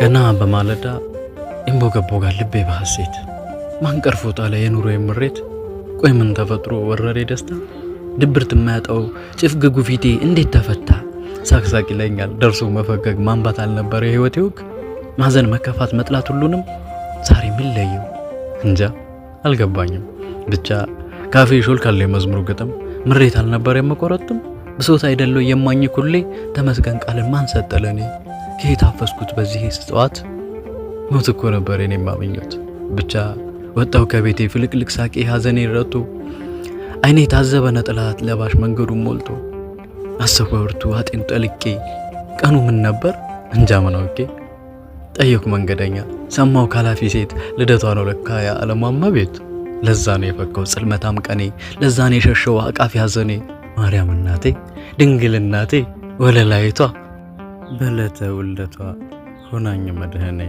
ገና በማለዳ ይንቦገቦጋል ልቤ በሐሴት ማንቀርፎ ጣለ የኑሮ የምሬት ቆይ ምን ተፈጥሮ ወረሬ ደስታ ድብርት የማያጠው ጭፍግጉ ፊቴ እንዴት ተፈታ ሳቅሳቅ ይለኛል ደርሶ መፈገግ ማንባት አልነበረ የህይወቴ ውግ ማዘን መከፋት መጥላት ሁሉንም ዛሬ ምን ለየው እንጃ አልገባኝም ብቻ ካፌ ካለ የመዝሙሩ ግጥም ምሬት አልነበረ የምቆረጥም ብሶት አይደለው የማኝ ኩሌ ተመስገን ቃልን ማን ሰጠለኔ ከየት በዚህ ስጠዋት ሞት እኮ ነበር እኔ የማመኘት። ብቻ ወጣው ከቤቴ ፍልቅልቅ ሳቄ ሀዘን ረቶ አይኔ የታዘበ ነጠላት ለባሽ መንገዱን ሞልቶ አሰብኩ አጤን ጠልቄ ቀኑ ምን ነበር እንጃ ምን አውቄ መንገደኛ ሰማው ካላፊ ሴት ልደቷ ነው ለካ የዓለማማ ቤት ለዛ ነው የፈካው ጽልመታም ቀኔ ለዛ ነው የሸሸው አቃፊ ሀዘኔ ማርያም እናቴ ድንግል እናቴ ወለላይቷ በዕለተ ውልደቷ ሆናኝ መድህኔ